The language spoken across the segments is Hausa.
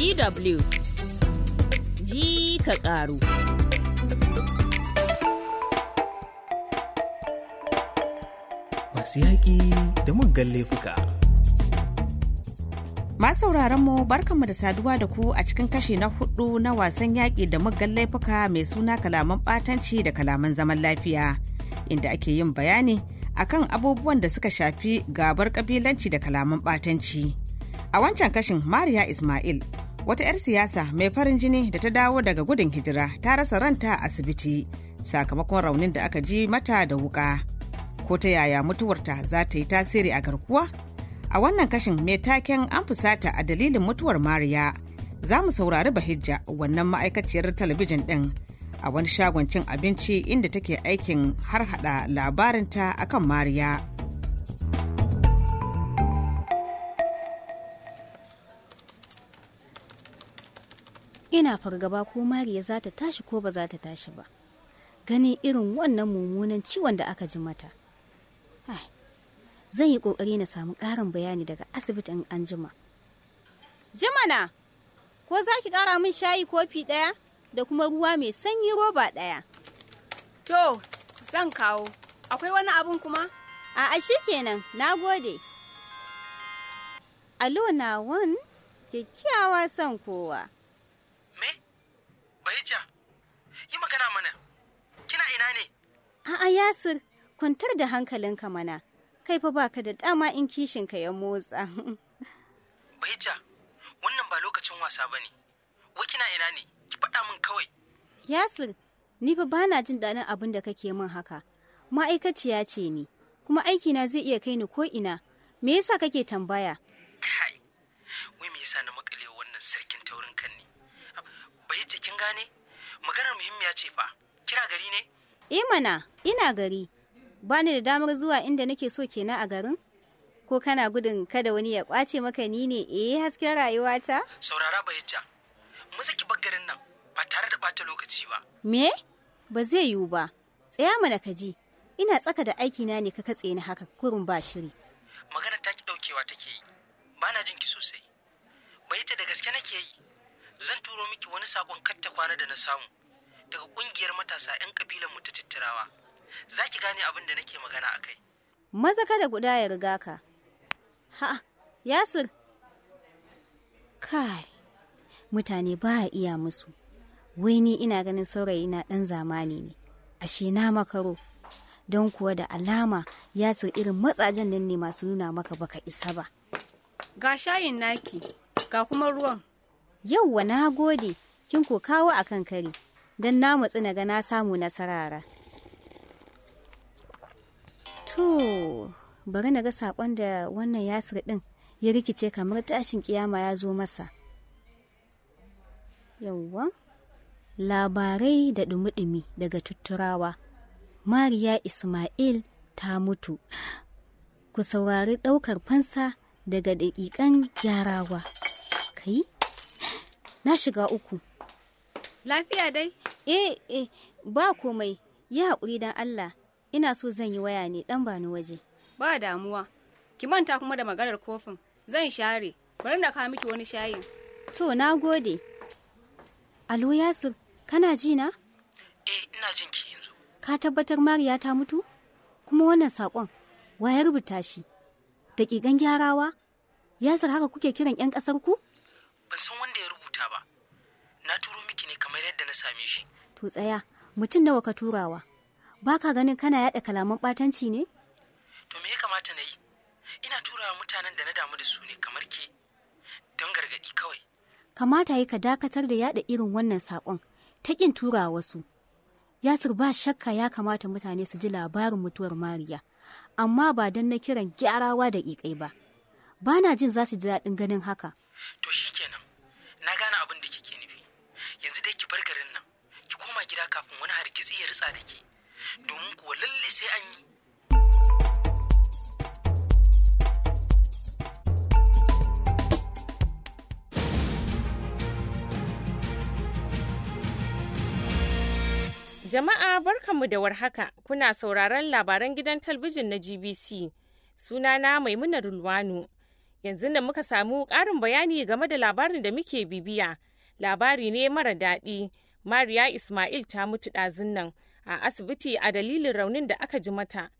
DW ji ka ƙaru. Masu yaƙi da muggan laifuka. Masu mu barkanmu da saduwa da ku a cikin kashe na hudu na wasan yaƙi da muggan laifuka mai suna kalaman ɓatanci da kalaman zaman lafiya inda ake yin bayani akan abubuwan da suka shafi gabar ƙabilanci da kalaman ɓatanci. A wancan kashin Mariya Ismail wata 'yar siyasa mai farin jini da ta dawo daga gudun hijira ta rasa ranta a asibiti sakamakon raunin da aka ji mata da wuka ko ta yaya mutuwarta za ta yi tasiri a garkuwa a wannan kashin mai taken an fusata a dalilin mutuwar mariya za mu saurari bahijja wannan ma'aikaciyar talabijin din a wani shagon cin abinci inda take aikin har hada labarinta akan mariya ina fargaba ko mariya za ta tashi ko ba za ta tashi ba gani irin wannan mummunan ciwon da aka ji mata zan yi kokari na samu karin bayani daga asibitin anjima jimana ko za ki kara min shayi kofi daya da kuma ruwa mai sanyi roba daya to zan kawo akwai wani abun kuma a'a kenan na gode alo na wani kyakkyawa son kowa Bahija, yi magana mana, kina ina ne? A'a Yasir, kwantar da hankalinka mana, kai fa baka da dama in kishinka ya motsa. Bahija, wannan ba lokacin wasa ba ne, wai kina ina ne, ki faɗa min kawai. Yasir, ni fa bana jin daɗin abin da kake min haka, ma'aikaciya ce ni, kuma aikina zai iya kai ni ko ina, me yasa kake tambaya? Kai, wai me yasa na makalewa wannan sarkin taurin kan ne? gane maganar muhimmiya ce fa kira gari ne eh mana ina gari ba ni da damar zuwa inda nake so kenan a garin ko kana gudun kada wani ya kwace maka ni ne eh hasken rayuwata saurara bayyaca mu saki nan ba tare da bata lokaci ba me ba zai yiwu ba tsaya mana ka ji ina tsaka da aikina ne ka katse ni haka kurin ba shiri magana ta ki daukewa take yi Bana na jin ki sosai bai da gaske nake yi zan turo miki wani sakon katta kwana da na samu daga kungiyar matasa 'yan kabilan mu ta tattarawa. za ki gane abin da nake magana a kai maza kada guda ya riga ka ha yasir kai mutane ba a iya musu wai ni ina ganin saurayi na dan zamani ne ashe na makaro don kuwa da alama yasir irin matsajen nan ne masu nuna maka baka isa ba ga shayin naki ga kuma ruwan Yauwa na gode, kin ko kawo a kan kari, don na matsi na ga na samu nasarara. To, bari na ga saƙon da wannan yasir ɗin ya rikice kamar tashin ƙiyama ya zo masa. Yauwa, labarai da ɗumi-ɗumi daga tutturawa. Mariya Ismail ta mutu. Ku saurari ɗaukar fansa daga daƙiƙan gyarawa. Kai? na shiga uku lafiya dai eh eh ba komai yi haƙuri don allah ina so zan yi waya ne dan bani waje ba damuwa ki manta kuma da maganar kofin zan share bari na kawo miki wani shayin to na gode alo yasir kana ji na eh ina jin ki yanzu ka tabbatar mariya ta mutu kuma wannan saƙon wa ya rubuta shi daƙiƙan gyarawa yasir haka kuke kiran 'yan ƙasar ku ban san wanda ya rubuta ba na turo miki ne kamar yadda na same shi to tsaya mutum nawa ka turawa ba ka ganin kana yaɗa kalaman batanci ne to me ya kamata na yi ina turawa mutanen da na damu da su ne kamar ke don gargaɗi kawai kamata yi ka dakatar da yaɗa irin wannan saƙon ta ƙin tura wasu yasir ba shakka ya kamata mutane su ji labarin mutuwar mariya amma ba don na kiran gyarawa da ikai ba ba na jin za su ji daɗin ganin haka to shi shikenan abin da kike nufi yanzu dai ki bar garin nan ki koma gida kafin wani hargitsi ya ritsa da ke domin kuwa lalle sai an yi Jama'a barkanmu da warhaka kuna sauraron labaran gidan talbijin na GBC sunana Maimuna Rulwanu. yanzu da muka samu ƙarin bayani game da labarin da muke bibiya labari ne mara daɗi mariya ismail ta mutu ɗazun nan a asibiti a dalilin raunin da aka ji mata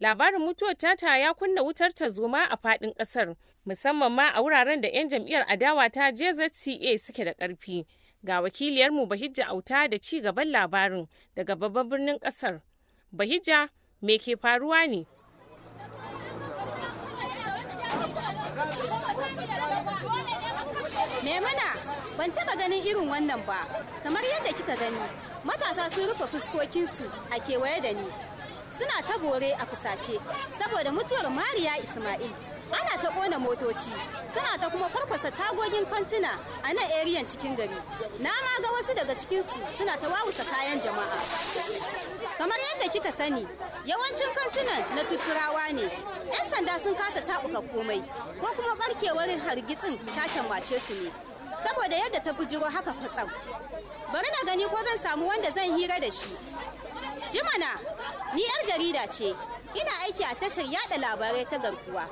labarin mutuwar tata ya kunna wutar tarzoma a faɗin ƙasar musamman ma a wuraren da 'yan jam'iyyar adawa ta jzca suke da ƙarfi ga wakiliyarmu bahijja auta da ci gaban labarin daga babban birnin ƙasar bahijja me ke faruwa ne Maimuna, ban taba ganin irin wannan ba, kamar yadda kika gani, matasa sun rufe fuskokinsu a kewaye da ni. Suna ta bore a fusace, saboda mutuwar Mariya Ismail. Ana ta ƙona motoci, suna ta kuma farfasa tagogin kantuna a nan eriyan cikin gari. Na ma ga wasu daga cikinsu suna ta wawusa kayan jama'a. kamar yadda kika sani yawancin kantunan na tuturawa ne 'yan sanda sun kasa tabuka komai ko kuma barkewar hargitsin tashin wace su ne saboda yadda ta bujiro haka kwatsam bari na gani ko zan samu wanda zan hira da shi jimana ni 'yar jarida ce ina aiki a tashar yada labarai ta garkuwa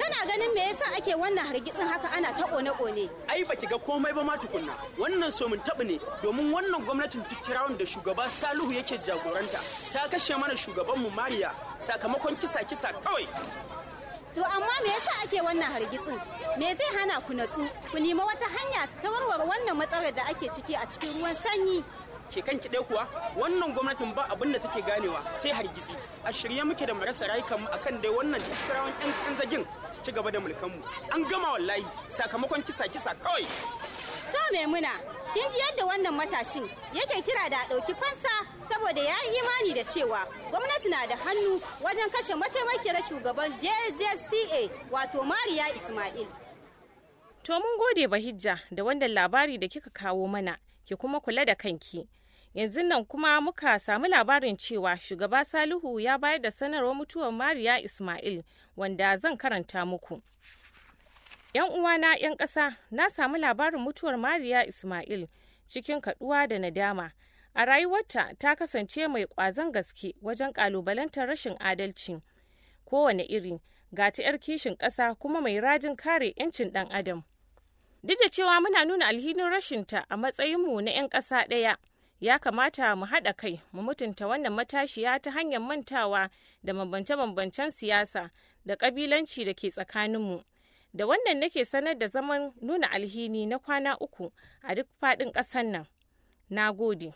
kana ganin me yasa ake wannan hargitsin haka ana ta kone-kone ai baki ga komai ba ma tukunna wannan somin tabu ne domin wannan gwamnatin tukkirawan da shugaba salihu yake jagoranta ta kashe mana shugabanmu mariya sakamakon kisa-kisa kawai to amma me yasa ake wannan hargitsin me zai hana ku natsu ku nemi wata hanya ta warware wannan matsalar da ake ciki a cikin ruwan sanyi ke kan ki kuwa wannan gwamnatin ba abin da take ganewa sai hargitsi a shirye muke da marasa rayukan mu akan dai wannan tsirawan yan kanzagin su ci gaba da mulkan mu an gama wallahi sakamakon kisa kisa kawai to maimuna kin ji yadda wannan matashin yake kira da ɗauki fansa saboda ya yi imani da cewa gwamnati na da hannu wajen kashe mataimakiyar shugaban jzca wato mariya ismail to mun gode bahijja da wannan labari da kika kawo mana ki kuma kula da kanki yanzu nan kuma muka samu labarin cewa shugaba salihu ya bayar da sanarwar mutuwar mariya ismail wanda zan karanta muku yan uwana yan ƙasa na samu labarin mutuwar mariya ismail cikin kaduwa da nadama a rayuwarta ta kasance mai ƙwazon gaske wajen ƙalubalantar rashin adalci kowane iri ga ta 'yar kishin ƙasa kuma mai rajin kare 'yancin ɗan adam duk da cewa muna nuna alhinin rashinta a matsayinmu na 'yan ƙasa ɗaya ya kamata mu haɗa kai mu mutunta wannan matashiya ta hanyar mantawa da mabance-mabancen siyasa da ƙabilanci da ke tsakaninmu da wannan nake sanar da zaman nuna alhini na kwana uku a duk faɗin ƙasar nan na gode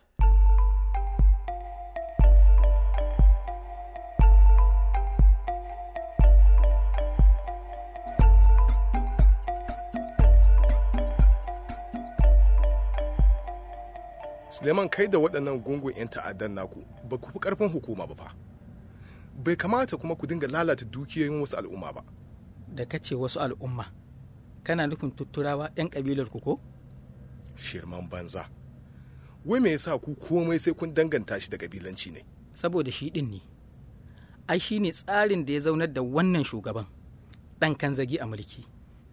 suleiman kai da waɗannan gungun 'yan ta'addan naku ba ku fi ƙarfin hukuma ba fa bai kamata kuma ku dinga lalata dukiyoyin wasu al'umma ba da ka ce wasu al'umma kana nufin tutturawa 'yan ƙabilar ku ko shirman banza wai me yasa ku komai sai kun danganta shi da ƙabilanci ne saboda shi ɗin ne ai shi ne tsarin da ya zaunar da wannan shugaban ɗan kan zagi a mulki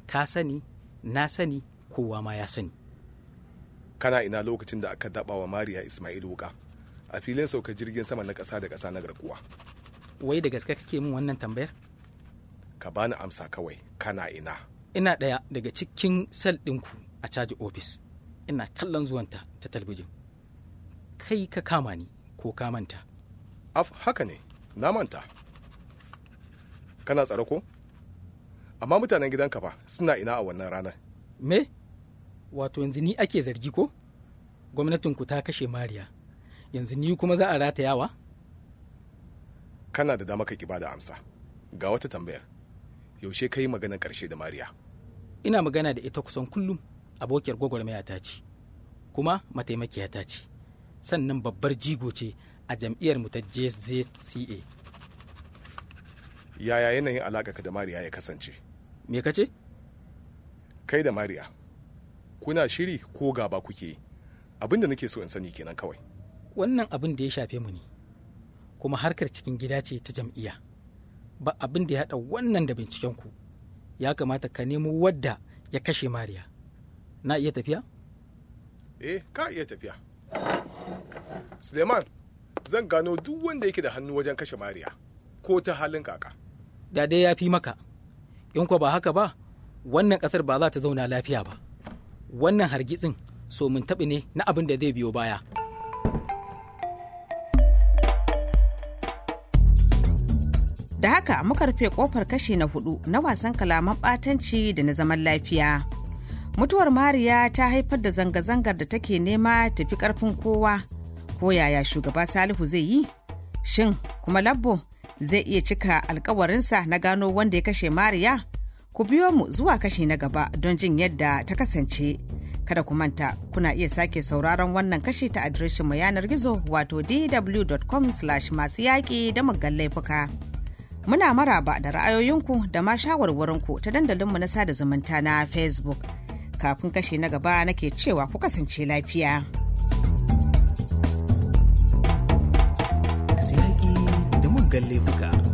ka sani na sani kowa ma ya sani kana ina lokacin da aka daba wa mariya ismail wuka a filin sauka jirgin sama na kasa da kasa na garkuwa wai da gaske kake min wannan tambayar ka bani amsa kawai kana ina ina ɗaya daga cikin sel ɗinku a caji ofis ina kallon zuwanta ta talbijin kai ka kama ni ko ka manta af haka ne na manta kana tsare ko amma mutanen gidanka fa suna ina a wannan ranar me wato yanzu ni ake zargi ko Gwamnatin ku ta kashe mariya yanzu ni kuma za a ratayawa kana da dama ka ba da amsa ga wata tambayar yaushe ka yi maganar ƙarshe da mariya ina magana da ita kusan kullum abokiyar gwagwarmaya ta ce kuma mataimakiya ta ce sannan babbar jigo ce a jam'iyyar mu ta jzca yaya yanayin alaƙa ka da mariya ya kasance me ka ce kai da mariya kuna shiri ko gaba kuke abin da nake so in sani kenan kawai wannan abin da ya shafe mu ne kuma harkar cikin gida ce ta jam'iyya ba abin da ya haɗa wannan da binciken ku ya kamata ka nemo wadda ya kashe mariya na iya tafiya eh ka iya tafiya suleiman zan gano duk wanda yake da hannu wajen kashe mariya ko ta halin kaka da dai ya fi maka in ba haka ba wannan ƙasar ba za ta zauna lafiya ba wannan hargitsin so mun taɓi ne na abin da zai biyo baya. Da haka muka rufe ƙofar kashe na hudu na wasan kalaman ɓatanci da na zaman lafiya. Mutuwar Mariya ta haifar da zanga-zangar da take nema tafi ƙarfin kowa, ko yaya shugaba Salihu zai yi? Shin kuma Labbo zai iya cika alkawarinsa na gano wanda ya kashe Mariya? Ku biyo mu zuwa kashi na gaba don jin yadda ta kasance. Kada ku manta kuna iya sake sauraron wannan kashi ta mu yanar gizo wato dw.com masu yaƙi da muggan laifuka. Muna maraba da ra'ayoyinku da ma shawarwarinku ta dandalinmu na sada zumunta na Facebook. Kafin kashi na gaba nake cewa ku kasance lafiya. Masu da muggan laifuka.